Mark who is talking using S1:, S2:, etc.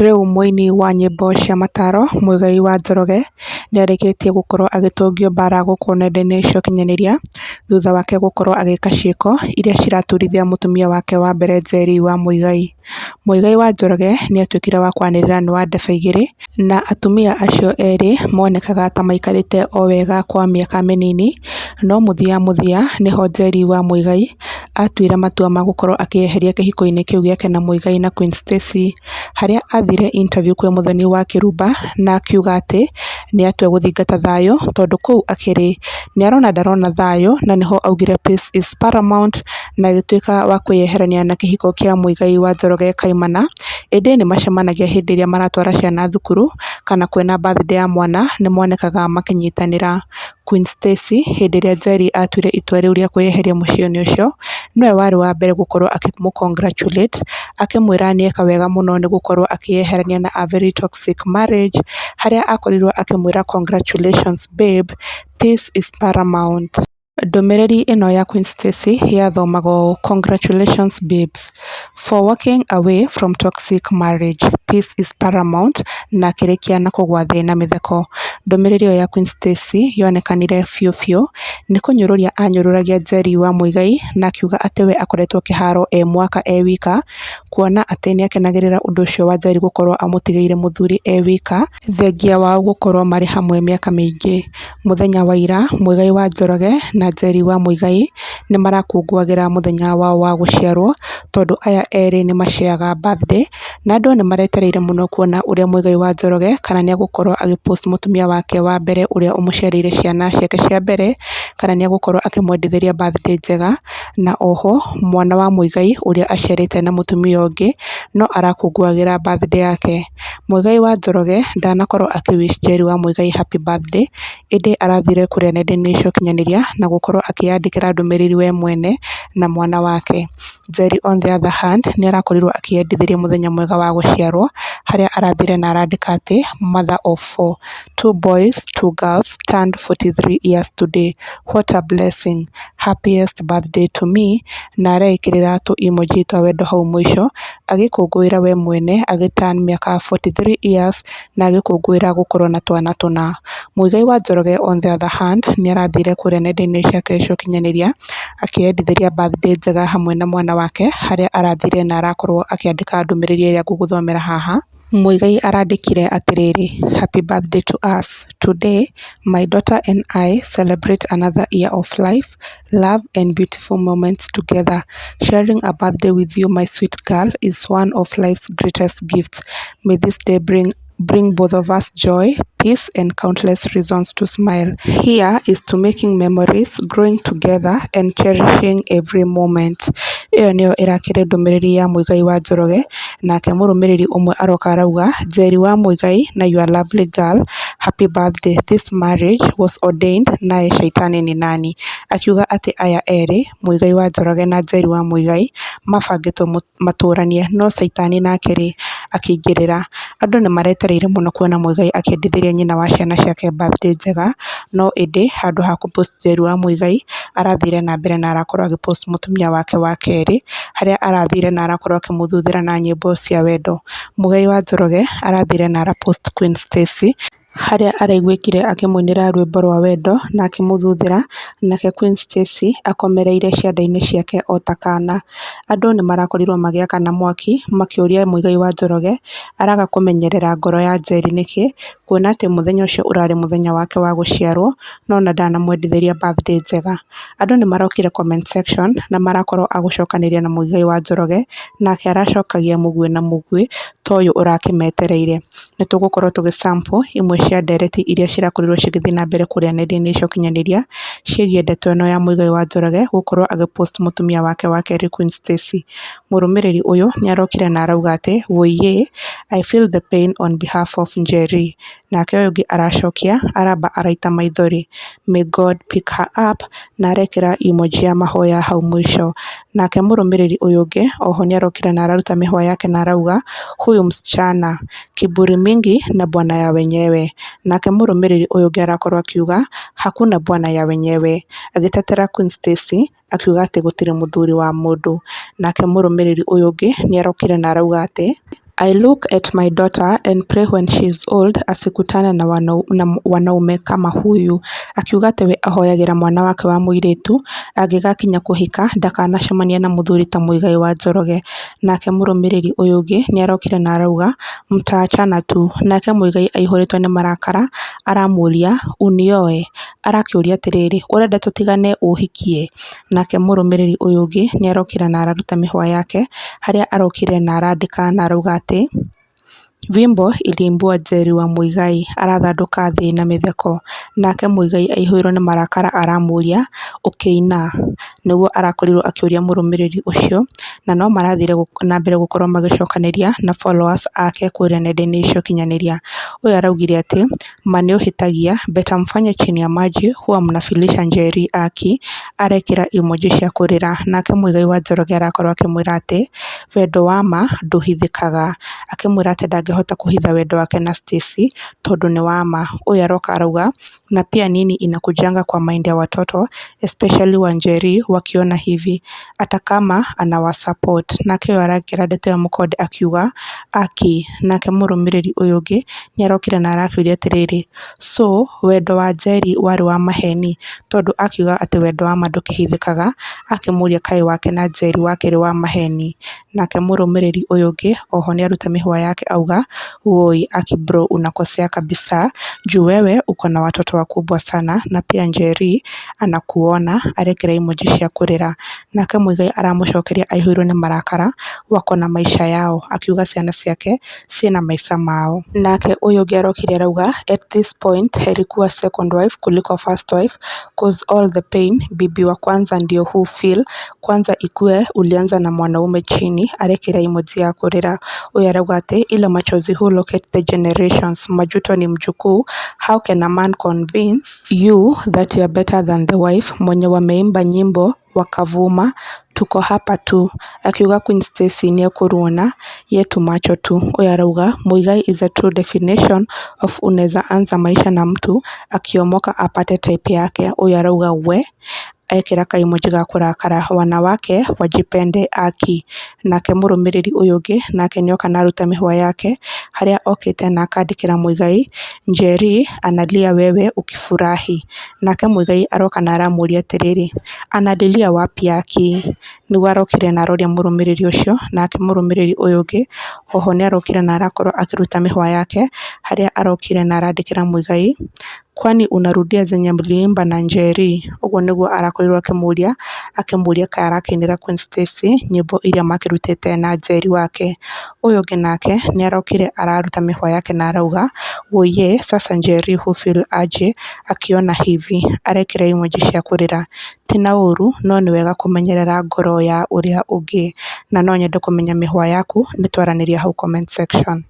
S1: Rĩu mũini wa nyĩmbo cia mataaro Muigai wa Njoroge nĩarĩkĩtie gũkorwo agĩtũngio mbara gũkũ nenda-inĩ cia ũkinyanĩria thutha wake gũkorwo agĩka ciĩko iria ciraturithia mũtumia wake wa mbere Njeri wa Muigai Muigai wa Njoroge nĩatuĩkire wa kwanĩrĩra nĩ wa ndefa igĩrĩ na atumia acio erĩ monekaga ta maikarĩte o wega kwa mĩaka mĩnini, no mũthia mũthia nĩho Njeri wa Muigai atuire matua ma gũkorwo akĩyeheria kĩhiko-inĩ kĩu gĩake na Muigai na Queen Stacy, harĩa athire interview kwĩ Mũthoni wa Kĩrumba na akiuga atĩ nĩatua gũthingata thayũ tondũ kũu akĩrĩ arona ndarona thayũ na nĩho augire peace is paramount na agĩtuĩka wa kwĩyeherania na kĩhiko kĩa Muigai wa Njoroge gekaimana ĩndĩ nĩmacemanagia hĩndĩ ĩrĩa maratwara ciana thukuru kana kwĩna birthday ya mwana nĩmonekaga makĩnyitanĩra. Queen Stacy hĩndĩ ĩrĩa Njeri atuire itua rĩu rĩa kwĩyeheria mũciĩ-inĩ ũcio nĩwe warĩ wa mbere gũkorwo akĩmũ congratulate akĩmwĩra nĩeka wega mũno nĩgũkorwo akĩyeherania na a very toxic marriage harĩa akorirwo akĩmwĩra congratulations babe peace is paramount. Ndũmĩrĩri ĩno ya Queen Stacy yathomagwo ũũ: Congratulations babes, for walking away from toxic marriage, peace is paramount na akĩrĩkia na kũgwa thĩ na mĩtheko Ndũmĩrĩri ĩyo ya Queen Stacy yonekanire biũ biũ nĩ kũnyũrũria anyũrũragia Njeri wa Muigai na akiuga atĩ we akoretwo kĩharo e mwaka e wika kuona atĩ nĩakenagĩrĩra ũndũ ũcio wa Njeri gũkorwo amũtigĩire mũthuri e wika thengia wao gũkorwo marĩ hamwe mĩaka mĩingĩ. Mũthenya wa ira Muigai wa Njoroge na Njeri wa Muigai nĩmarakũngũagĩra mũthenya wao wa gũciarwo tondũ aya erĩ nĩma share birthday na andũ maretereire mũno kuona ũrĩa Muigai wa Njoroge kana nĩagũkorwo agĩ post mũtumia wa wake wa mbere ũrĩa ũmũciarĩire ciana ciake cia mbere kana nĩegũkorwo akĩmwendithĩria birthday njega, na oho mwana wa Muigai ũrĩa aciarĩte na mũtumia ũngĩ no arakũngũagĩra birthday yake. Muigai wa Njoroge ndanakorwo akĩ wish Njeri wa Muigai happy birthday ĩndĩ arathire kũrĩa nenda-inĩ cia ũkinyanĩria na gũkorwo akĩyandĩkĩra ndũmĩrĩri we mwene na mwana wake. Njeri on the other hand nĩarakorirwo akĩendithĩria mũthenya mwega wa gũciarwo harĩa arathire na arandĩka atĩ "Mother of four: two boys, two girls turned 43 years today, what a blessing, happiest birthday to me" na areĩkĩrĩra tũ emoji twa wendo hau mũico agĩkũngũĩra we mwene agĩ turn mĩaka 43 years na agĩkũngũĩra gũkorwo na twana tũna. Muigai wa Njoroge on the other hand nĩarathire kũrĩa nenda-inĩ ciake cia ũkinyanĩria akĩendithĩria birthday njega hamwe na mwana wake harĩa arathire na arakorwo akĩandĩka ndũmĩrĩri ĩrĩa ngũgũthomera haha.
S2: Muigai arandĩkire atĩrĩrĩ, happy birthday to us. Today my daughter and I celebrate another year of life, love and beautiful moments together. Sharing a birthday with you my sweet girl is one of life's greatest gifts. May this day bring bring both of us joy, peace, and countless reasons to smile. Here is to making memories, growing together, and cherishing every moment. Iyo niyo irakire ndumiriri ya Muigai wa Njoroge nake murumiriri umwe aroka arauga Njeri wa Muigai na your lovely girl happy birthday this marriage was ordained naye shaitani ni nani akiuga ati aya eri Muigai wa Njoroge na Njeri wa Muigai mabangitwo maturanie no shaitani nake ri akĩingĩrĩra. Andũ nĩ maretereire mũno kuona Muigai akĩendithĩria nyina wa ciana ciake birthday njega, no ĩndĩ handũ ha kũ post ũru wa Muigai, arathire na mbere na arakorwo agĩ post mũtumia wake wa kerĩ, harĩa arathire na arakorwo akĩmũthuthĩra na nyĩmbo cia wendo. Muigai wa Njoroge arathire na ara post Queen Stacy harĩa araiguĩkire akĩmũinĩra rwĩmbo rwa wendo na akĩmũthuthĩra, nake Queen Stacy akomereire ciande-inĩ ciake o ta kaana. Andũ nĩmarakorirwo magĩaka na mwaki makĩũria Muigai wa Njoroge araga kũmenyerera ngoro ya Njeri nĩkĩ, kuona atĩ mũthenya ũcio ũrarĩ mũthenya wake wa gũciarwo no ona ndanamwendithĩria birthday njega. Andũ marokire comment section na marakorwo a gũcokanĩria na Muigai wa Njoroge nake aracokagia mũguĩ na mũguĩ ta ũyũ ũrakĩmetereire. Nĩ tũgũkorwo tũgĩ sample imwe cia ndereti iria cirakorirwo cigĩthiĩ na mbere kũrĩa nenda-inĩ cia ũkinyanĩria ciĩgiĩ ndeto ĩno ya Mũigai wa Njoroge gũkorwo agĩ post mũtumia wake wa kerĩ Queen Stacy. Mũrũmĩrĩri ũyũ nĩ arokire na arauga atĩ "Woiye, I feel the pain on behalf of Njeri" nake ũyũ ũngĩ aracokia aramba araita maithori "May God pick her up" na arekĩra emoji ya mahoya hau mũico. Nake mũrũmĩrĩri ũyũ ũngĩ oho nĩ arokire na araruta mĩhwa yake na arauga "Huyu huyu msichana kiburi mingi na bwana ya wenyewe nake mũrũmĩrĩri ũyũ ũngĩ arakorwo akiuga hakuna bwana ya wenyewe agĩtetera Queen Stacy akiuga atĩ gũtirĩ mũthuri wa mũndũ nake mũrũmĩrĩri ũyũ ũngĩ arokire na arauga atĩ I look at my daughter and pray when is old asikutane na wanaume kama huyu. Akiuga we ahoyagira mwana wake wa muiritu angigakinya kuhika ndakanacemania na muthuri ta Muigai wa Njoroge. Nake murumiriri uyu ungi arokire na arauga mtaachana tu. Nake Muigai aihuritwo ni marakara aramuria unioe arakiuria atiriri urenda tutigane uhikie nake murumiriri uyu ungi arokire na araruta mihwa yake haria arokire na arandika na arauga atĩ Fimbo ĩlĩimbwo Njeri wa Muigai arathandũka thĩ na mĩtheko nake Muigai aihũirwo nĩ marakara aramũũria "ũkĩina ũ?" nĩguo arakorirwo akĩũria mũrũmĩrĩri ũcio na no marathire na mbere gũkorwo magĩcokanĩria na followers ake kũrĩa nenda-inĩ cia ũkinyanĩria. Ũyũ araugire atĩ "Ma beta betamfanye chini ya maji huwa mnafilisha Njeri aki" arekĩra emoji cia kũrĩra nake Muigai wa Njoroge arakorwo akĩmwĩra atĩ Wendo wa ma ndũhithĩkaga, akĩmwĩra atĩ ndangĩhota kũhitha wendo wake na Stacy tondũ nĩ wa ma. Ũyũ aroka arauga na pia nini inakujanga kwa mind ya watoto especially Wanjeri wakiona hivi hata kama anawasupport. Nake ũyũ araingĩra ndeto ĩyo mũkonde akiuga aki, nake mũrũmĩrĩri ũyũ ũngĩ nĩ arokire na arakĩũria atĩrĩrĩ, so wendo wa Njeri warĩ wa maheni? Tondũ akiuga atĩ wendo wa ma ndũkĩhithĩkaga, akĩmũria kaĩ wake na Njeri wakĩrĩ wa maheni? Nake mũrũmĩrĩri ũyũ ũngĩ oho nĩaruta mĩhũa yake auga "Woi Aki bro unakosea kabisa juu wewe uko na watoto wakubwa sana na pia Njeri anakuona" arekera emoji cia kũrĩra. Nake Muigai aramũcokeria aihũirwo nĩ marakara wako na maisha yao akiuga ciana ciake ciĩna maisha mao. Nake ũyũ ũngĩ arokire arauga "At this point heri kuwa second wife kuliko first wife cause all the pain bibi wa kwanza ndio who feel kwanza ikue ulianza na mwanaume chini arekera impunzi yakũrĩra. Ũyũ arauga atĩ ile machozi who locate the generations Majuto ni mjukuu how can a man convince you that you are better than the wife mwenye wameimba nyimbo wakavuma tuko hapa tu akiuga Queen Stacy ni ekuruona yetu macho tu. Ũyũ arauga Muigai is a true definition of unaweza anza maisha na mtu akiomoka apate type yake. Ũyũ we ekĩra kaimũnji ga kũrakara wanawake wajipende aki, nake mũrũmĩrĩri ũyũ ũngĩ nake nĩoka na aruta mĩhũa yake harĩa okĩte na akandĩkĩra Muigai Njeri analia wewe ukifurahi, nake Muigai aroka na aramũria atĩrĩrĩ analilia wapi aki, nĩguo arokire na aroria mũrũmĩrĩri ũcio, nake mũrũmĩrĩri ũyũ ũngĩ oho nĩarokire na arakorwo akĩruta mĩhũa yake harĩa arokire na arandĩkĩra Muigai kwani unarudia zenye mliimba na njeri ũguo nĩguo arakorirwo akĩmũria akĩmũria kaĩ arakenera Queen Stacy nyĩmbo iria makĩrutĩte na Njeri wake ũyũ ũngĩ nake nĩarokire araruta mĩhwa yake na arauga woye sasa Njeri hufil aje akiona hivi arekĩra emoji cia kũrĩra tina ũru no nĩwega kũmenyerera ngoro ya ũrĩa ũngĩ na no nyende kũmenya mĩhwa yaku nĩtwaranĩrie hau comment section